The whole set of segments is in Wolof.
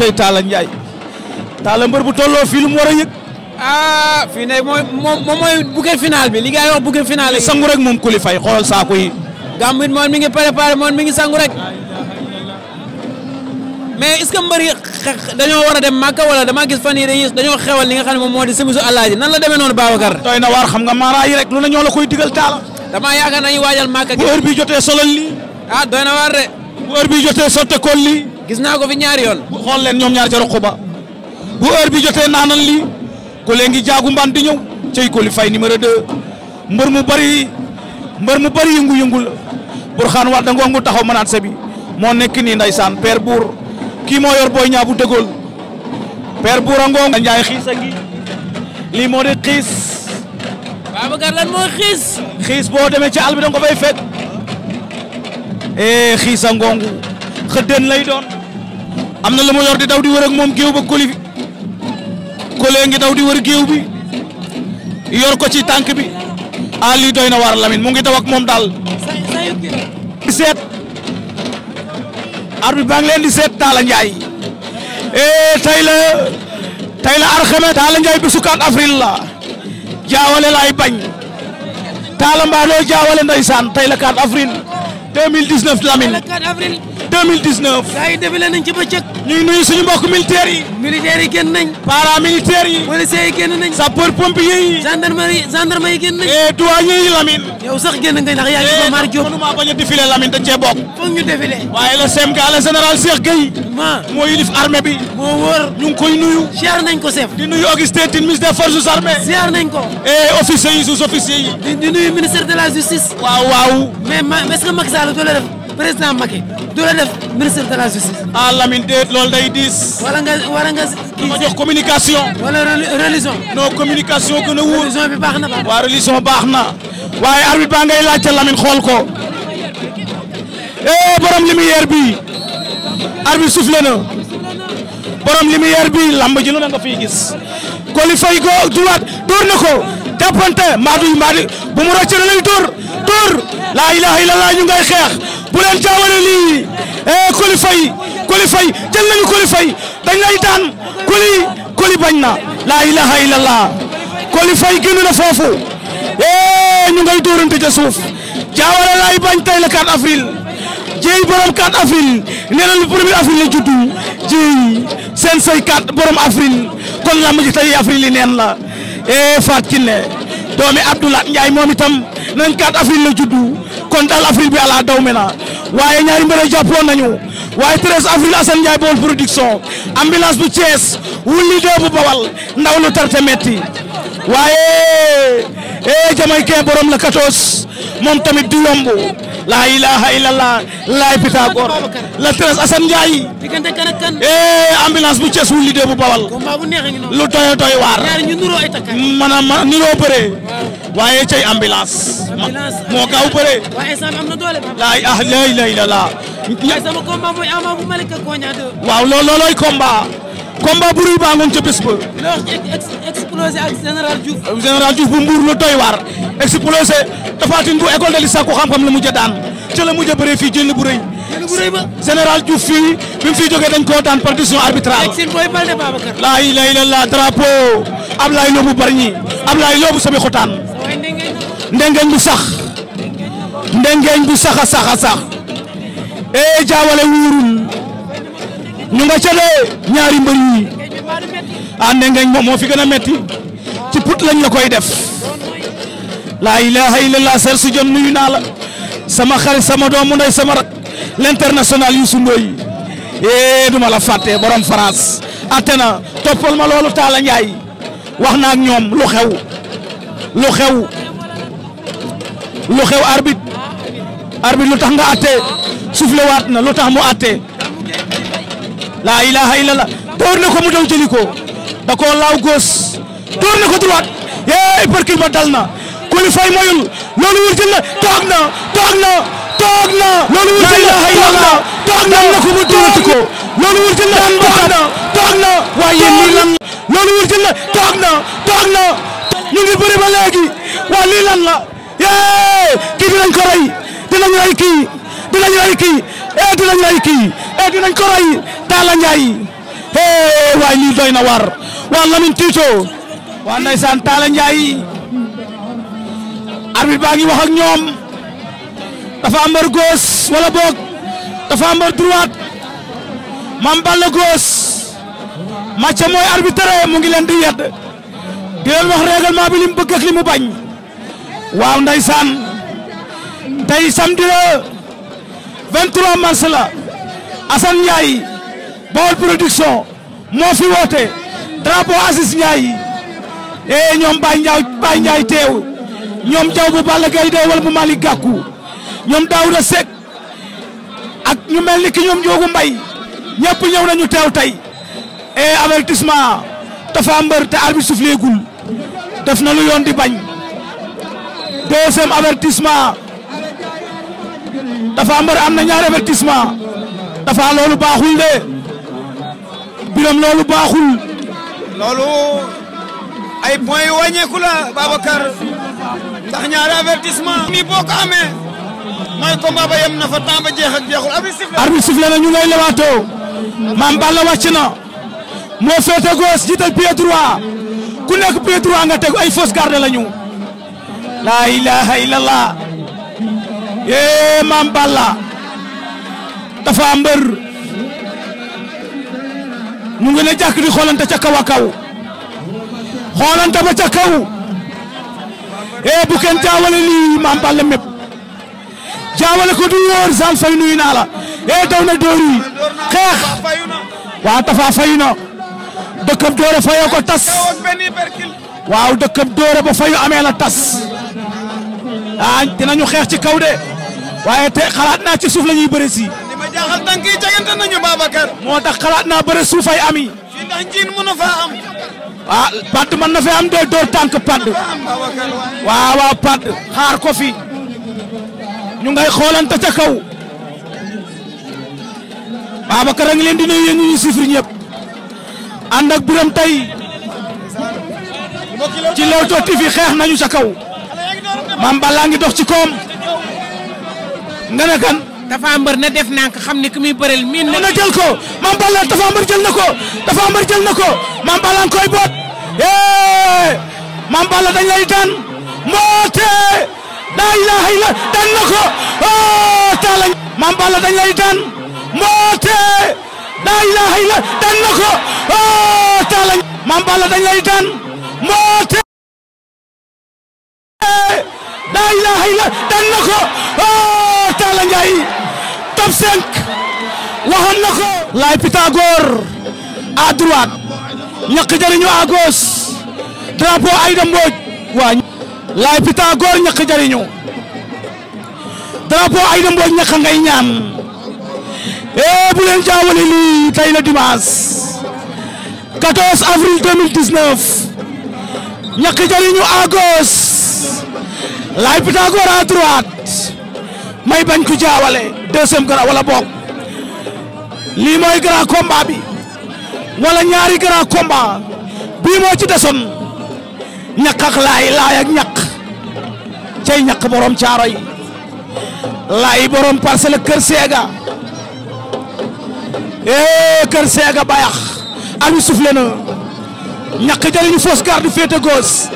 cey Talla Ndiaye Talla mbër bu tolloo fii lu war a yëg. ah fii ne mooy moom mooy bouquet final bi li ngay wax bouquet final yi. sangu rek moom kuli fay xoolal saako yi. gàmmu it moom mi ngi préparé moom mi ngi sangu rek. mais est-ce que mbër yi dañoo war a dem Màkka wala damaa gis fan yii dañuy dañoo xewal li nga xam moom moo di semisu alaaji nan la demee noonu Babacar. doy na waar xam nga a yi rek lu ne ñoo la koy digal Talla. damaa yaakaar nañu waajal Màkka. bu heure bi jotee solal bu heure bi jotee sotte kool gis naa ko fi ñaari yoon. xool leen ñoom ñaar ca roq ba bu heure bi jotee naanan lii ko léegi jaagu mbaan di ñëw cey Coly Faye numéro 2 mbër mu bari mbër mu bari yëngu-yëngu la Burxaan wax da ngongu taxaw mënaat sa moo nekk nii ndaysaan père Bour kii moo yor booy ñaa bu dëggool père Bour a ngong Njaay xiis a ngi lii moo di xiis Babacar lan mooy xiis xiis boo demee ci àll bi da nga ko fay fekk eh xiisa ngongu xëddeen lay doon am na lu mu yor di daw di wër ak moom géew ba koli kolee ngi daw di wër géew bi yor ko ci tànk bi a lii doy na waar Lamine mu ngi daw ak moom daal seet arbitre baa ngi leen di seet Talla Ndiaye eh tey la tey la arxeme Talla Ndiaye bisu 4 avril la jaawale laay bañ Talla mbaa doo jaawale ndeysaan tey la 4 2019 Lamine. le 4 avril. 2019. gars yi défilé nañ ci bëccëg. ñu ngi nuyu suñu mbokk militaires yi. militaires yi génn nañ. paramilitaires yi. policiers yi génn nañ. sapeur yi. gendarmerie gendarmerie yi génn nañ. et yow sax génn nga ndax yaa ngi ko eh, maar Diop. mënuma bañ a défilé Lamine dañ cee bokk. foog général Cheikh Gueye. ma yilif armée bi. moo wóor ñu ngi nuyu. ziar nañ ko chef. di nuyu Augustin Tine ministre des forces armées. ko. et officiers yi sous officiers yi. di nuyu ministère de la justice. waaw waaw. président Macky du la def ministre de la justice. ah Lamine déet loolu day diis. wala nga wala nga. kii ma jox communication. wala religion. non communication gën a wóor. religion bi baax na baax na. waaw religion baax na. waaye arbitre baa ngay laajte Lamine xool ko. eh borom lumière bi arbitre soufflé na. borom lumière bi lamb ji lu na nga fiy gis. Coly Faye go droite door na ko. jàppante Madou Madou bu mu rëcc na lay door. dóor laa ilaha illallah ñu ngay xeex bu jaawale lii eh Coly Faye Coly Faye jël nañu Coly dañ lay daan Coly Coly bañ na laa ilaha illallah Coly Faye génn na foofu eh ñu ngay dóorante ca suuf jaawale laay bañ tey la 4 avril jéey borom 4 avril nee na le premier la juddu jéey seen say 4 borom avril kon lamb ji tey avril yi neen la eh Fatou Kiné doomi Abdoulaat Ndiaye moom itam nañ 4 avril la juddu kon daal avril bi ala daw waaye ñaari mbër jàppoon nañu waaye 13 avril Assane Ndiaye bool production ambulance bu Thiès wulli dee bu bawal ndaw lu tarte metti waaye eh jamaïcain borom la 14 moom tamit du yomb laa ilaha illallah laay Pythagore la treize Assane Ndiaye diggante kan ak kan eh ambulance bu Thiès wu lidee bu bawal lu toyo toy waar maanaam ma niroo bëree waaye cay ambulance moo gaaw bëree laa ilaha illallah waaw loolooy combat combat bu rëy baa ngoon ca bés ba. explosé ak général Diouf. général Diouf bu mbuur la doy waar. explosé de l'ISAC ko xam-xam la mujj a daan ca la mujj a bëree fii jënd bu rëy. bu rëy général Diouf fii bi mu fiy jógee dañ koo daan par décision arbitrale. ak seen booy Balde Babacar. laa ilaaha illallaah drapeau Ablaye Loobu bari ñi Ablaye Loobu sami xotaan. ndengeñ bu sax. ndengeñ bu sax a sax a sax. ee eh, jaawale wuurul. ñu nga ca ñaari mbër yi ah ndengeñ moom moo fi gën a metti ci put lañ la koy def laa ilaha illallah ser su jom nuyu naa la sama xarit sama doomu ndey sama rak l'international Youssou Ndoye eh duma la fàtte borom France atena toppal ma loolu Talla Ndiaye wax na ak ñoom lu xew lu xew lu xew arbitre arbitre lu tax nga atte soufflé waat na lu tax mu atte laa ilaha illallah door na ko mu daw jëli ko da koo laaw góos door na ko droit yee barki ma dal na Coly Faye moyul loolu wër jël na toog na toog na toog na waaye lii loolu wër jël na toog na toog na ñu ngi bëri ba léegi waa lii lan kii dinañ ko rey dinañ rey kii dinañ eh, eh, Talla Ndiaye hee waay lii doy na war waa Lamine Tiso waa ndeysaan Talla Ndiaye arbitre baa ngi wax ak ñoom dafa am mbër gauche wala boog dafa am mbër droite Balla gauche match mooy arbitre mu ngi leen di yedd di leen wax règlement bi li mu mu bañ waaw ndeysaan tey samedi la 23 mars la Assane Ndiaye Baol production moo fi woote drapeau Aziz Ndiaye eh ñoom Baye Ndiaye Baye Ndiaye teew ñoom jaw bu Balla Gaye dee wala bu Malick Gakou ñoom Daouda Seck ak ñu mel ni ki ñoom Njoogu Mbay ñëpp ñëw nañu teew tey eh avertissement dafa mbër te arbitre sufleegul def na lu yoon di bañ deuxième avertissement dafa mbër am na ñaari avertissement dafa loolu baaxul de biram loolu baaxul. loolu ay points yu wàññeeku la Babacar ndax ñaari avertissement. mi boo ko amee mooy combat ba yem na fa temps jeex ak jeexul arbitre sifflé. arbitre sifflé na ñu ngay lewaatoo maam Balla wàcc na moo féete gauche jiital pied droit ku nekk pied droit nga teg ay fausse garde la ñu. la ilaha illallah. yee maam Balla dafa ñu ngi ne jàkk di xoolante ca kaw a kaw xoolante ba ca kaw eh bu kenn jaawale lii Mame Balla mépp jaawale ko du wóor Zal Faye nuyu naa la eh daw na xeex waaw Tafa fayu na dëkkam dóore fayoo ko tas waaw dëkkam dóore ba fayu amee la tas ah dinañu xeex ci kaw de waaye te xalaat naa ci suuf la ñuy si. jaaxal tànk yi moo tax xalaat naa bëre suuf ay am yi. fii ndax na faa am. ah padd fee am de door tànk padd. waaw waaw xaar ko fi. ñu ngay xoolante ca kaw. Babacar a ngi leen di nuyu yéen ñu sifri ñëpp. ànd ak Birame tey ci Leewtoo TV xeex nañu ca kaw. Mame Balla dox ci koom. nga ne Tapha Mbeur na def nànk xam ne ku muy bëreel miin na. jël ko Mame Balla Tapha Mbeur jël na ko Tapha Mbeur jël na ko Mame Balla koy boot eh! Mame Balla dañ lay daan mboote laa ilaaha illa daan na ko oh, taala Mame Balla dañ lay daan mboote laa ilaaha illa daan na ko oh, taala Mame dañ lay top 5 waxoon na ko Laye Pythagore à droite ñaq jariñu à gauche drapeau Aïda Mbodj waa Laye Pythagore ñaq jariñu drapeau Aïda Mbodj ñaq ngay ñaan eh bu leen jaawale lii tey la dimanche 14 avril 2019 ñaq jariñu à gauche Laye Pythagore may bañ ko jaawale deuxième gara wala boog lii mooy grand combat bi wala ñaari grand combat bii moo ci desoon ñaq ak laay ak ñaq cay ñaq borom caaro yi laay borom parcelle kër seega ee eh kër seega bayax ami soufflé na ñaq jëriñu fausse garde féete gauche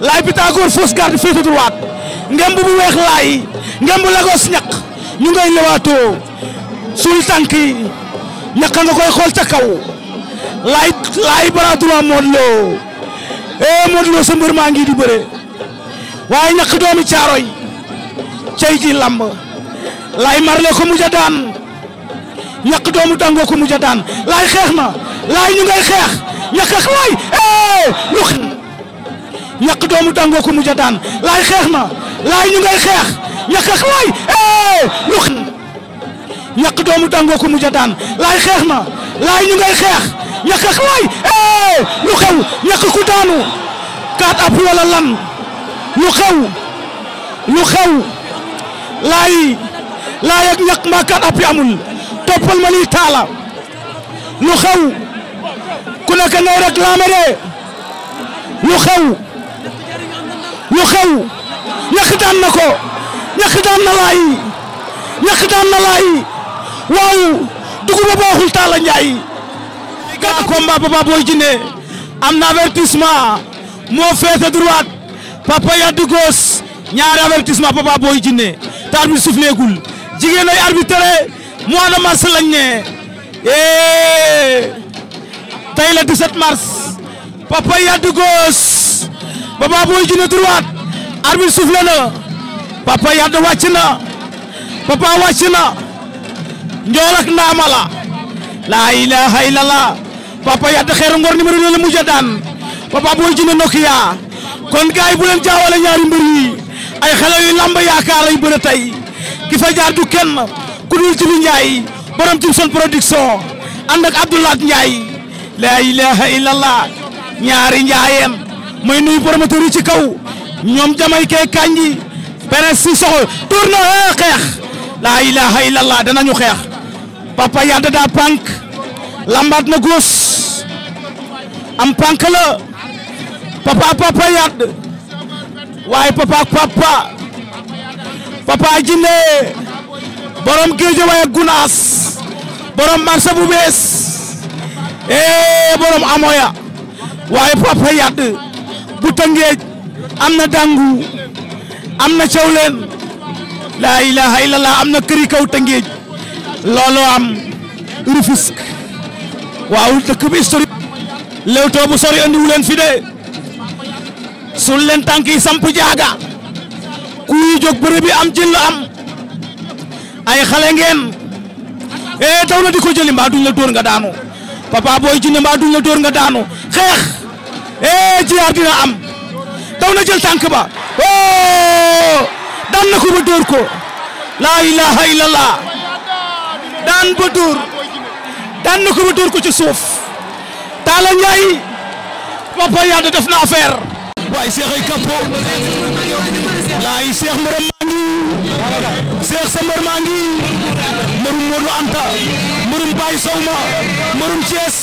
laay Pythagore fausse garde féete droite ngemb bu weex laay ngemb Lagos ñaq ñu ngay lewaatoo suul tànk yi nga koy xool ca kaw laay laay bras droit Modou Lo eh Modou Lo ngi di bëre waaye ñaq doomi caaroy cey ji lamb laay marle ko mujj a daan ñaq doomu dango ko mujj a daan laay xeex na laay ñu ngay xeex ñaq ak laay eh lu ñaq doomu dango ko daan laay xeex na laay ñu ngay xeex ñax ak laay lu ñax doomu dango ko mujj a laay xeex na laay ñu ngay xeex ñax ak lu xew ñax ku xew laay laay ak ñax kaat ab yi amul ma lii taala lu xew ku nekk ngay réclamer de lu xew lu xew ñax daan na ko ñax daan na laay ñax daan na laay waaw dugub baaxul Talla Ndiaye. gàllankoor combat Papa Boy Djiné am na avertissement moo féete droite papa yaddi gauche ñaari avertissement Papa Boy Djiné te arbitre sufleegul jigéen ay arbitre mois de mars lañ ne eh! tey la 17 mars papa yaddi gauche Papa Boy Djiné droite. arbitre soufflé na Papa Yade wàcc na Papa wàcc na njool ak laa ilaaha illallah Papa Yade xeeru ngor numéro la mujj a Papa Boy Djiné kon gaay bu leen jaawale ñaari mbër ay xale yu lamb yaakaar lay bëre tey ki fa jaar du ku dul Jibi Ndiaye borom Thimson production ànd ak Abdoulaye Ndiaye laa ilaaha illallah ñaari njaayeen muy nuyu promoteur yi ci kaw ñoom jamaykee kanji peres si soxo tourne xeex la ilaha illallah danañu xeex papa yadda daa pànk lambaat na góos am pànk la papa papa yadd waaye papa papa papa jinne borom géejo waaye gunaas borom marché bu bees ee eh, borom amoya waaye papa yadd bu tëngeej am na dàngu am na cawleen laa ilaha illallah am na këri kaw tëngeej looloo am Rufisque waaw dëkk bi historique Leewtoo bu sori andiwu leen fi de sul leen yi samp jaaga ku yi jóg bëre bi am jël am ay xale ngeen eh daw na di ko jëli mbaa duñ dóor nga daanu Papa Boy Djiné mbaa duñ dóor nga daanu xeex eh jiyaar dina am daw na jël tànk ba oh daan na ko ba dóor ko laa ilaha illallah daan ba dóor daan ci suuf Talla Ndiaye Papa Yade def na affaire waaye Cheikh ay kapo laay Cheikh mbërëm maa ngi sa mbër maa ngi mbërum Anta mbërum Baye Sow ma mbërum Thiès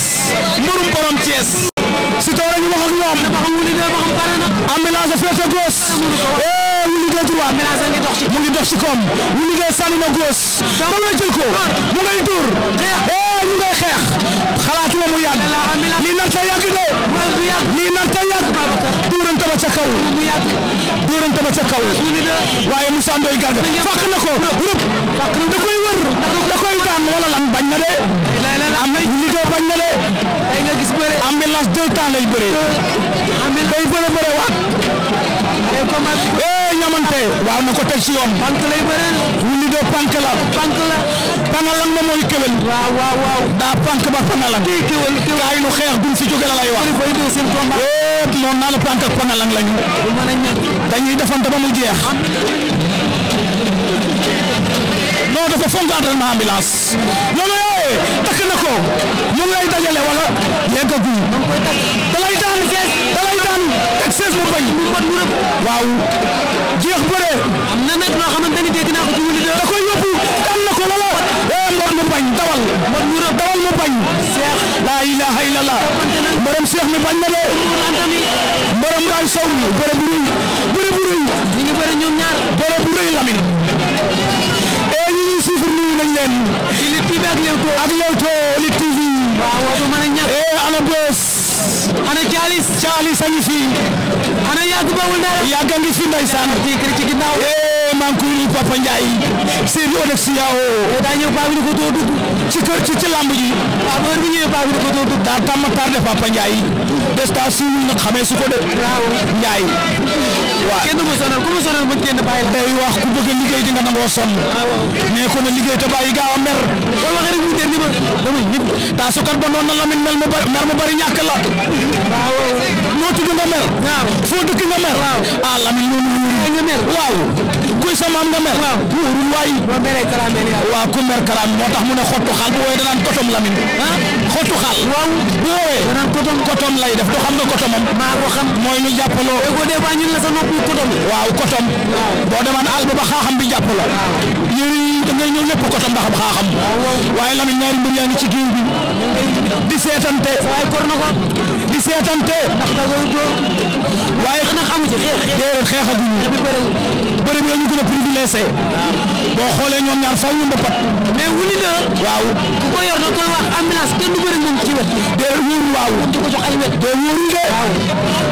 mbërum borom Siteu ñu wax ak ñoom ambulance féete gauche ñu liggéey droit Mélange ngi dox ci mu ngi dox ci koom ñu liggéey sànni na góos ba nga jël ko mu ngay dur eh ñu ngay xeex xalaatuma mu yàgg lii nar ta yàgg de lii nar ta yàgg duurante ba ca kaw duurante ba ca kaw waaye Moussa Ndoye garga fàq na ko rëpp da koy wër da koy daan wala lan bañ na de am na ñu liggéey bañ na de ambulance deux temps lay bëree day bëre bëre waat namante waaw na ko teg si yoon pank lay bëre ñu ni do pank la pank la pangalang ba mooy kéwél waaw waaw waaw daa pank ba pangalang kii kéwél kéwél ay nu xeex duñ fi jóge la lay wax yëpp noonu naa la pank ak pangalang lañu dañuy defante ba mu jeex ah. non dafa fonk ñëwee eh, takk na ko mu ngi lay dajale wala yeggagul da lay daan da lay daan ak sees mu bañ waaw jeex bëre am na nag loo xamante ni dégg naa ko ci wuli da koy yóbbu daan na ko wala eh mbot mu seex la ilaha illallah mbërëm seex mi bañ na de mbërëm daal sow mi bëre bu rëy bëre bu rëy ñi ngi bëre leen. Lutte TV ak Leewtoo. ak Leewtoo Lutte TV. waaw waaw du mën a ñàkk. eh ana boos. ana Caalis. Caalis a ngi fi. ana yàgg bawul dara. yàgg a ngi fi ndeysaan. ci ginnaaw. eh maa ngi koy nuyu Papa Ndiaye. Seydou Odex Yao. Eh, daa ñëw baabi ni ko doo dugg. ci kër ci ci lamb ji. waaw heure bi ñëwee baabi ni ko doo dugg. daa tàmm tardé Papa Ndiaye. des taa siiwul nag xamee su ko de. waaw Ndiaye. waaw kenn mu sonal ku mu sonal ba kenn bàyyi wax ku bëgg liggéey di nga nangoo sonn. mais ku ne liggéey te bàyyi gaaw a mer. loolu waxee rek ñu dégg ni ma damay ñib taasukat ba noonu la Lamine mel mu bari mer mu bari la. Ah, waaw moo tudd nga mer. foo dëkk nga mer. waaw ah Lamine noonu la nga mer waaw. kuy sa maam nga mer. waaw buurul waay. boo meree kalaamee nii waaw ku mer kalaam moo tax mu ne xottu xaal bu wooyee danaan kotom lamin. xottu xaal. waaw kotom kotom lay def do xam nga ko xam mooy ñu jàppaloo. déggoo dee ba la sa noppi kotom. waaw kotom. waaw boo demaan àll ba ba xaaxam bi jàppaloo. waaw yéen da ngay ñëw lépp kotom ndax am xaaxam. waaye lamin ñaari mbir ci géew bi. di seetante. waaye kor na ko. di seetante. ndax da ngay dóor. waaye xanaa xamu ci xeex xeex. déedéet bëre bi la ñu gën a privilégié boo xoolee ñoom ñaar faw ñu mbapat mais wuli na waaw ku ko yor da koy wax ambulance kenn du bëri moom ci wet de wóorul waaw di ko jox ay wet de wóorul de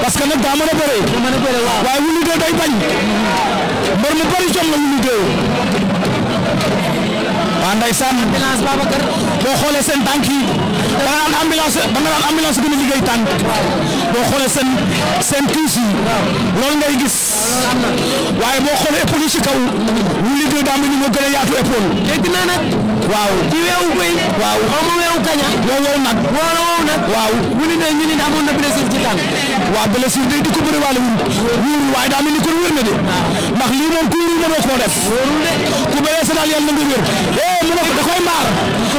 parce que nag daa mën a bëre daa mën a bëre waaw waaye wuli de day bañ mbër mu bëri jom la wuli de waa ndeysaan ambulance Babacar boo xoolee seen tànk yi da nga naan ambulance da nga bi ñu liggéey tànk boo xoolee seen seen tiis yi gis waaye boo xoolee épaule yi ci kaw ñu liggéey daa mel ni moo gën a yaatu épaule. dégg naa nag. waaw ci weewu koy. waaw xaw ma weewu kaña. Ah. woo wow nag. woo la wow nag. ne ñu ne amoon na blessure ci tànk. waaw di ko bëri wàllu wóorul waaye daa ni kon wér na de ah. ndax lii moom ku wóorul mënoo koo def. wóorul de ku bëree sa daal yàlla na nga wér. eh mënoo ko koy mbaar.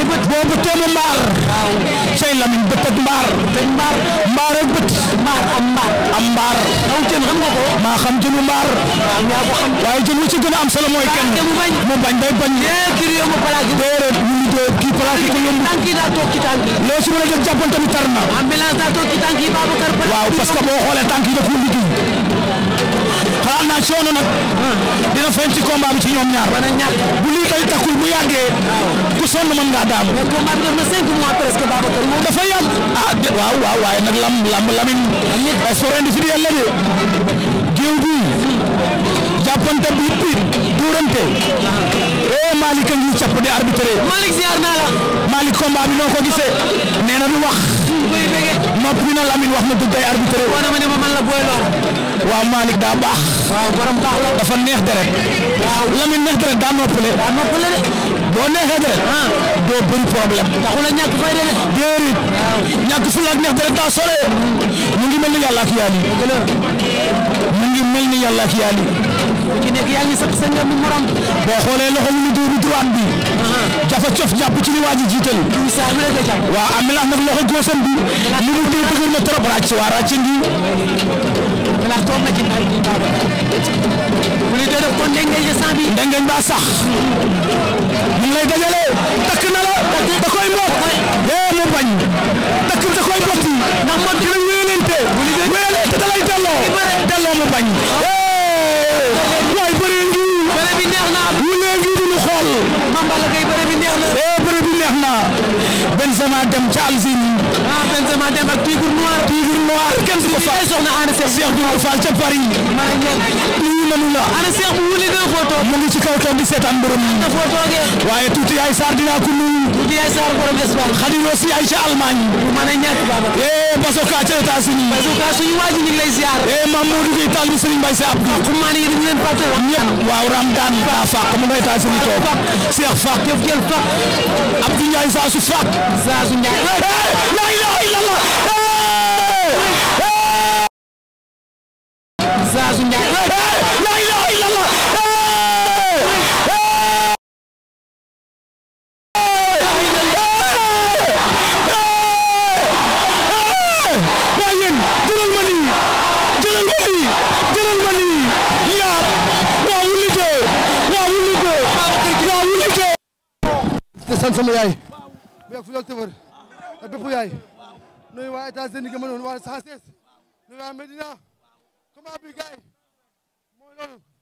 boobu teemu mbaar say lamin bët ak mbaar mbaar ak bët mbaar am mbaar am mbaar raw jën xam nga ko maa xam jënu mbaar waaye jën ci gën a am solo mooy kenn mu bañ day bañ eh, déedéet ñu ngi dee kii palaaki ko yomb loo si mën a jël jàppoon ah, waaw parce boo xoolee tànk yi daf mu liggéey xam naa coono nag dina feeñ ci combat bi ci ñoom ñaar bu lii takkul bu yàggee ku sonn mën ngaa daanu mais combat bi def na cinq mois presque Babacar moom dafa yàgg ah, waaye nag lam lam lamin sport individuel la de géew bi jàppante bi bi tuurante eh Malick a ngi capp di arbitré Malick ziar naa noo ko gisee nee na du wax noppi na Lamine wax na dugg day arbitré wala waaw Malick daa baax. waaw borom baax la. dafa neex deret. waaw Lamine neex deret daa noppale. daa noppale de. boo neexee deret. ah doo bëri problème. taxul a ñàkk fay deret. déedéet. waaw ñàkk fula ak neex deret daa sore. mu ngi mel ni yàlla ak yaali. mu ngi mel ni yàlla ak yaali. ku ci nekk yaa ngi sëq sa ngëm morom boo xoolee loxo lu mu dóoru droit bi dafa uh-huh. cof jàpp ci li waa ji jiital waaw am na nag loxo góosam bi li mu dee dëgër na trop ràcc waa ràcc ndi ndax toog na ci bu sax ñu lay dajale takk na la da koy mbot eh mu bañ takk da koy mbot ndax mo mu bañ oh. eh. Balla Gaye bëre bi neex na. eh bëre bi neex dem ca Algérie. ah Benzema dem ak Tigre Noir. Tigre Noir kenn du ko a soxna Ana Seck Cheikh Diouf Fall ca Paris. maa ngi leen la. mu na ngi ci kaw toog di seetaan mbërëm. na photo ge. waaye tuuti ay Sarr dinaa ko Ndiaye Sarr borom Espagne. Xadim aussi ay ca Allemagne. bu mën a ñàkk baba. Eh, Basoka ca États-Unis. Basoka suñu waa ji ñu ngi lay ziar. Eh, Mamadou Gueye Tall bi si Abdou. waaw xumaane yi dañu leen fàtte wax. ñëpp waaw Ramdan Ba Fak mu ngay États-Unis toog. Cheikh Fak jëf jël Fak. Abdou Ndiaye Sassou Fak. Sassou Ndiaye. Eh, la ilaha Ndiaye nuyu waa États-Unis gëmë noonu waa 116 nuyu waa Medina combat bi gars yi mooy